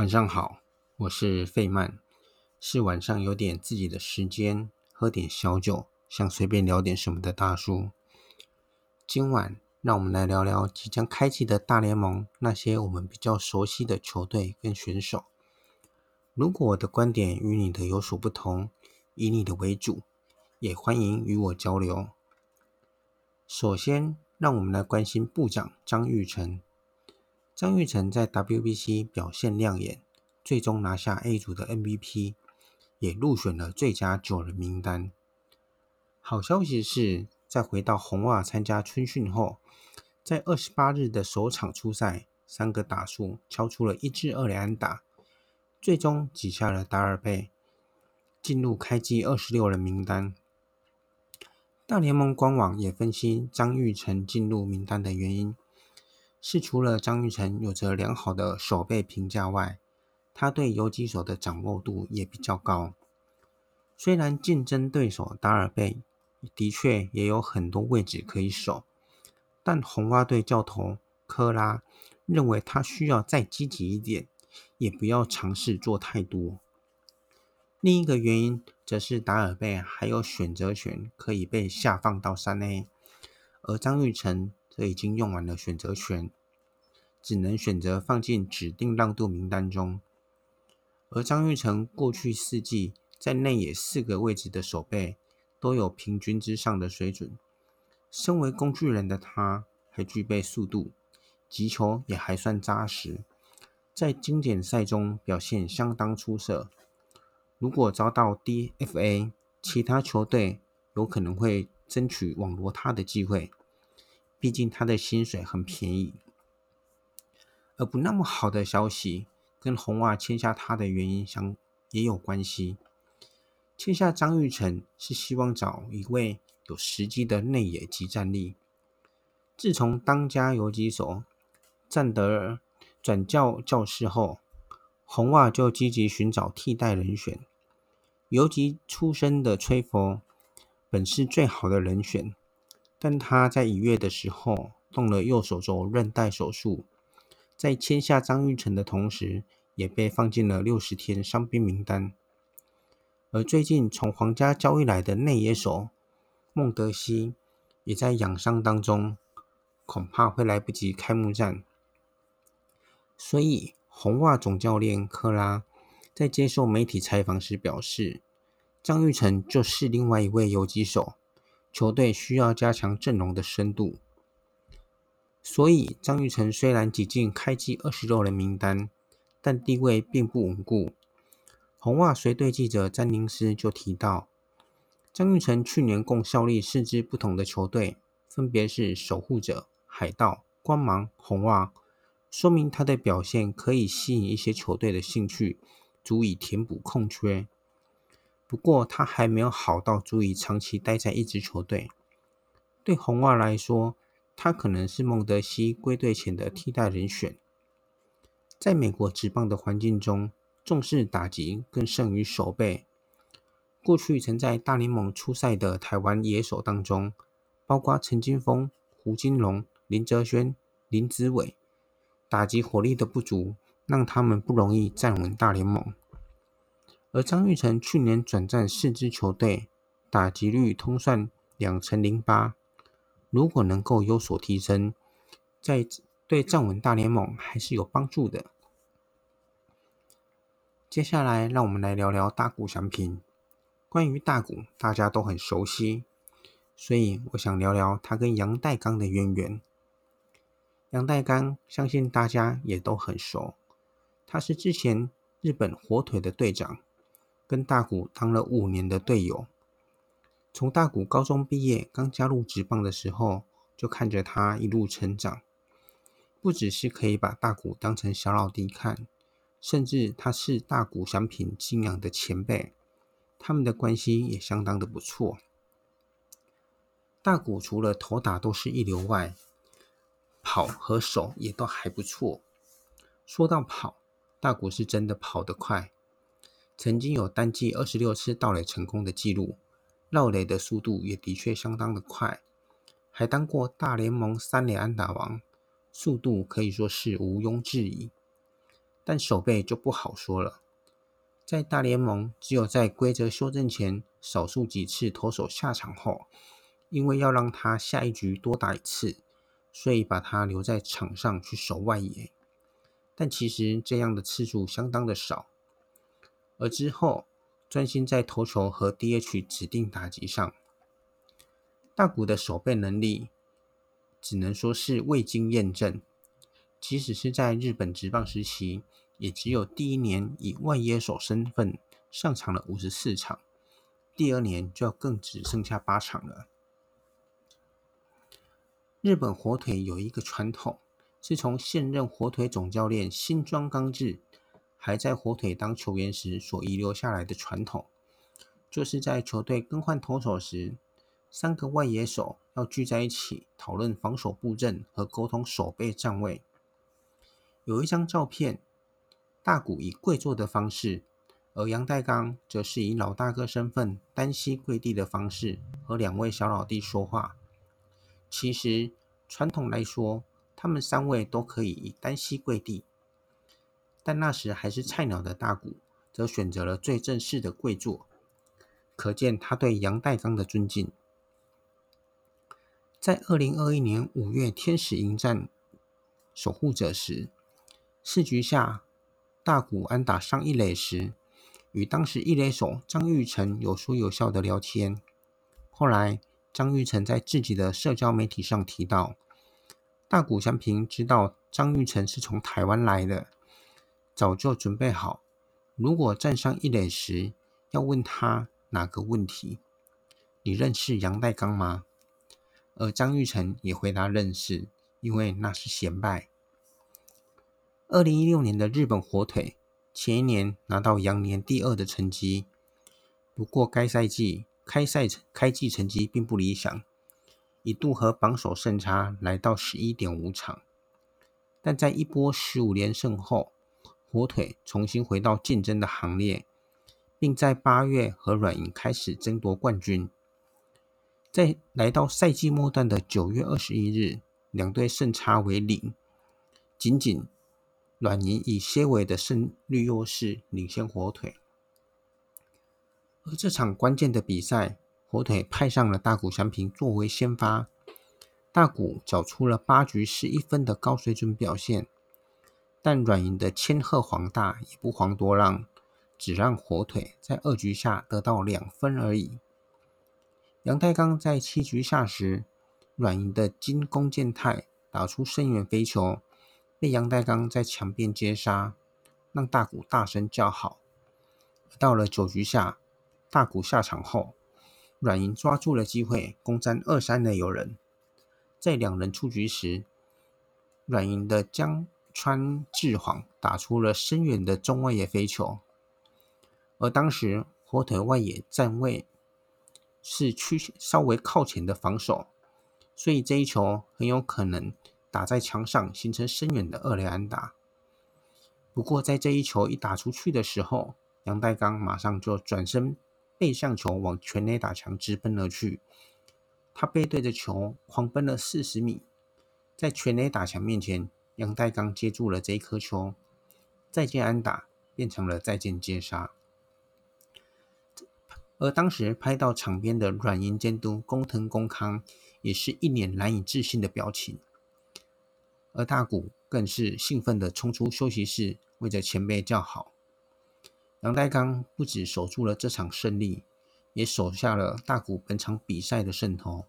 晚上好，我是費曼，是晚上有點自己的時間，喝點小酒，想隨便聊點什麼的大叔。今晚讓我們來聊聊即將開季的大聯盟，那些我們比較熟悉的球隊跟選手。如果我的觀點與你的有所不同，以你的為主，也歡迎與我交流。首先，讓我們來關心部長張育成。張育成在 WBC 表現亮眼，最終拿下 A 組的 MVP，也入選了最佳九人名單。好消息是，在回到紅襪參加春訓後，在二十八日的首場出賽，三個打數敲出了一支二壘安打，最終擠下了達爾貝，進入開季二十六人名單。大聯盟官網也分析張育成進入名單的原因。是除了張育成有着良好的守備評價外，他對游擊手的掌握度也比較高。雖然競爭對手達爾貝的確也有很多位置可以守，但紅襪隊教頭科拉認為他需要再積極一點，也不要嘗試做太多。另一個原因則是達爾貝還有選擇權可以被下放到三 A，而張育成則已經用完了選擇權。只能選擇放進指定讓渡名單中。而張育成過去四季在內野四個位置的守備都有平均之上的水準。身為工具人的他，還具備速度，擊球也還算扎實，在經典賽中表現相當出色。如果遭到 DFA，其他球隊有可能會爭取網羅他的機會，畢竟他的薪水很便宜。而不那麼好的消息，跟紅襪簽下他的原因相也有關係。簽下張玉成是希望找一位有實際的內野級戰力。自從當家游擊手贊德爾轉教教士後，紅襪就積極尋找替代人選。游擊出身的崔佛本是最好的人選，但他在一月的時候動了右手肘韌帶手術。在簽下張育成的同時，也被放進了六十天傷兵名單。而最近從皇家交易來的內野手孟德希也在養傷當中，恐怕會來不及開幕戰。所以，紅襪總教練柯拉在接受媒體採訪時表示：“張育成就是另外一位游擊手，球隊需要加強陣容的深度。”所以，張育成雖然擠進開季二十六人名單，但地位並不穩固。紅襪隨隊記者詹寧斯就提到，張育成去年共效力四支不同的球隊，分別是守護者、海盜、光芒、紅襪，說明他的表現可以吸引一些球隊的興趣，足以填補空缺。不過，他還沒有好到足以長期待在一支球隊。對紅襪來說，他可能是孟德西歸隊前的替代人選。在美國職棒的環境中，重視打擊更勝於守備。過去曾在大聯盟出賽的台灣野手當中，包括陳金鋒、胡金龍、林哲瑄、林子偉，打擊火力的不足，讓他們不容易站穩大聯盟。而張育成去年轉戰四支球隊，打擊率通算兩成零八。如果能夠有所提升，在對站穩大聯盟還是有幫助的。接下來，讓我們來聊聊大谷翔平。關於大谷，大家都很熟悉，所以我想聊聊他跟陽岱鋼的淵源。陽岱鋼相信大家也都很熟，他是之前日本火腿的隊長，跟大谷當了五年的隊友。從大谷高中畢業，剛加入職棒的時候，就看着他一路成長。不只是可以把大谷當成小老弟看，甚至他是大谷翔平敬仰的前輩，他們的關係也相當的不錯。大谷除了投打都是一流外，跑和守也都還不錯。說到跑，大谷是真的跑得快，曾經有單季二十六次盜壘成功的記錄。繞壘的速度也的確相當的快，還當過大聯盟三壘安打王，速度可以說是毋庸置疑。但守備就不好說了，在大聯盟只有在規則修正前，少數幾次投手下場後，因為要讓他下一局多打一次，所以把他留在場上去守外野。但其實這樣的次數相當的少，而之後。專心在投球和 DH 指定打擊上，大谷的守備能力只能說是未經驗證。即使是在日本職棒時期，也只有第一年以外野手身份上場了五十四場，第二年就要更只剩下八場了。日本火腿有一個傳統，是從現任火腿總教練新莊剛志，還在火腿當球員時所遺留下來的傳統，就是在球隊更換投手時，三個外野手要聚在一起討論防守佈陣和溝通守備站位。有一張照片，大谷以跪坐的方式，而陽岱鋼則是以老大哥身份單膝跪地的方式和兩位小老弟說話。其實，傳統來說，他們三位都可以以單膝跪地。但那時還是菜鳥的大谷，則選擇了最正式的跪坐，可見他對陽岱鋼的尊敬。在2021年5月天使迎戰守護者時，四局下大谷安打上一壘時，與當時一壘手張育成有說有笑的聊天。後來，張育成在自己的社交媒體上提到，大谷翔平知道張育成是從台灣來的。早就準備好，如果站上一壘時，要問他哪個問題？你認識陽岱鋼嗎？而張育成也回答認識，因為那是顯擺。二零一六年的日本火腿，前一年拿到洋聯第二的成績，不過該賽季開賽開季成績並不理想，一度和榜首勝差來到十一點五場，但在一波十五連勝後，火腿重新回到競爭的行列，並在八月和軟銀開始爭奪冠軍。在來到賽季末段的九月二十一日，兩隊勝差為零，僅僅軟銀以些微的勝率優勢領先火腿。而這場關鍵的比賽，火腿派上了大谷翔平作為先發，大谷繳出了八局失一分的高水準表現。但軟銀的千賀滉大也不遑多讓，只讓火腿在二局下得到兩分而已。陽岱鋼在七局下時，軟銀的今宮健太打出深遠飛球，被陽岱鋼在牆邊接殺，讓大谷大聲叫好。到了九局下，大谷下場後，軟銀抓住了機會攻占二三壘有人，在兩人出局時，軟銀的將。川治晃打出了深遠的中外野飛球，而當時火腿外野站位是趨稍微靠前的防守，所以這一球很有可能打在牆上形成深遠的二壘安打。不過，在這一球一打出去的時候，陽岱鋼馬上就轉身背向球往全壘打牆直奔而去，他背對着球狂奔了四十米，在全壘打牆面前。陽岱鋼接住了這一顆球，再見安打變成了再見接殺。而當時拍到場邊的軟銀監督工藤公康也是一臉難以置信的表情，而大谷更是興奮地衝出休息室，為着前輩叫好。陽岱鋼不止守住了這場勝利，也守下了大谷本場比賽的勝投。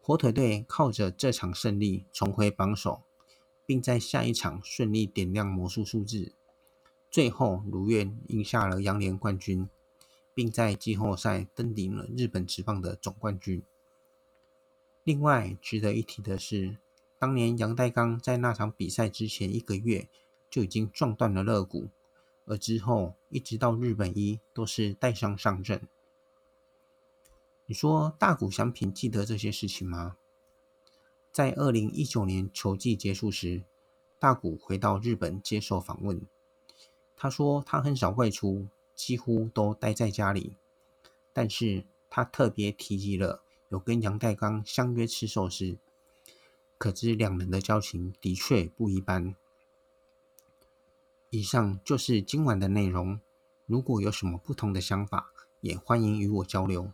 火腿隊靠着這場勝利重回榜首。並在下一場順利點亮魔術數字，最後如願贏下了洋聯冠軍，並在季後賽登頂了日本職棒的總冠軍。另外值得一提的是，當年陽岱鋼在那場比賽之前一個月就已經撞斷了肋骨，而之後一直到日本一都是帶傷上陣。你說大谷翔平記得這些事情嗎？在二零一九年球季結束時，大谷回到日本接受訪問。他說他很少外出，幾乎都待在家裡。但是他特別提及了有跟陽岱鋼相約吃壽司，可知兩人的交情的確不一般。以上就是今晚的內容。如果有什麼不同的想法，也歡迎與我交流。